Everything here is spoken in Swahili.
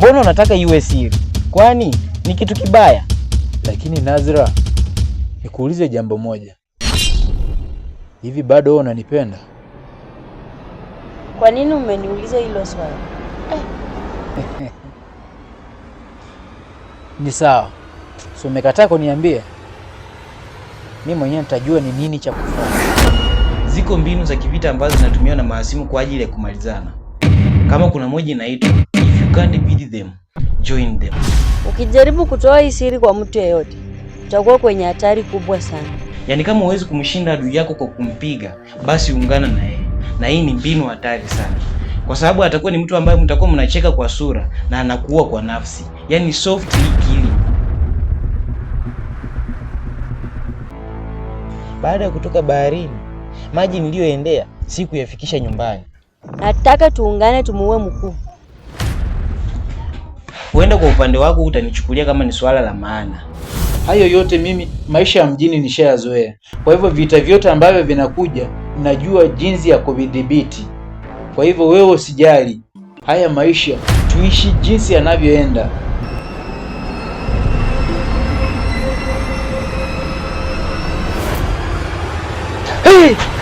mbona unataka iwe siri? Kwani ni kitu kibaya? Lakini Nazra, nikuulize jambo moja, hivi bado wewe unanipenda? Kwa nini umeniuliza hilo swali eh? Ni sawa, so umekataa kuniambia, mi mwenyewe nitajua ni nini cha kufanya. Ziko mbinu za kivita ambazo zinatumiwa na mahasimu kwa ajili ya kumalizana. Kama kuna moja inaitwa can beat them, join them. Ukijaribu kutoa hii siri kwa mtu yeyote, utakuwa kwenye hatari kubwa sana. Yaani kama huwezi kumshinda adui yako kwa kumpiga, basi ungana na yeye, na hii ni mbinu hatari sana kwa sababu atakuwa ni mtu ambaye mtakuwa mnacheka kwa sura na anakuwa kwa nafsi, yaani soft killing. Baada ya kutoka baharini, maji niliyoendea sikuyafikisha nyumbani. Nataka tuungane tumuue mkuu. Huenda kwa upande wako utanichukulia kama ni swala la maana. Hayo yote mimi maisha ya mjini nishayazoea, kwa hivyo vita vyote ambavyo vinakuja najua jinsi ya kuvidhibiti. Kwa hivyo wewe usijali, haya maisha tuishi jinsi yanavyoenda. Hey!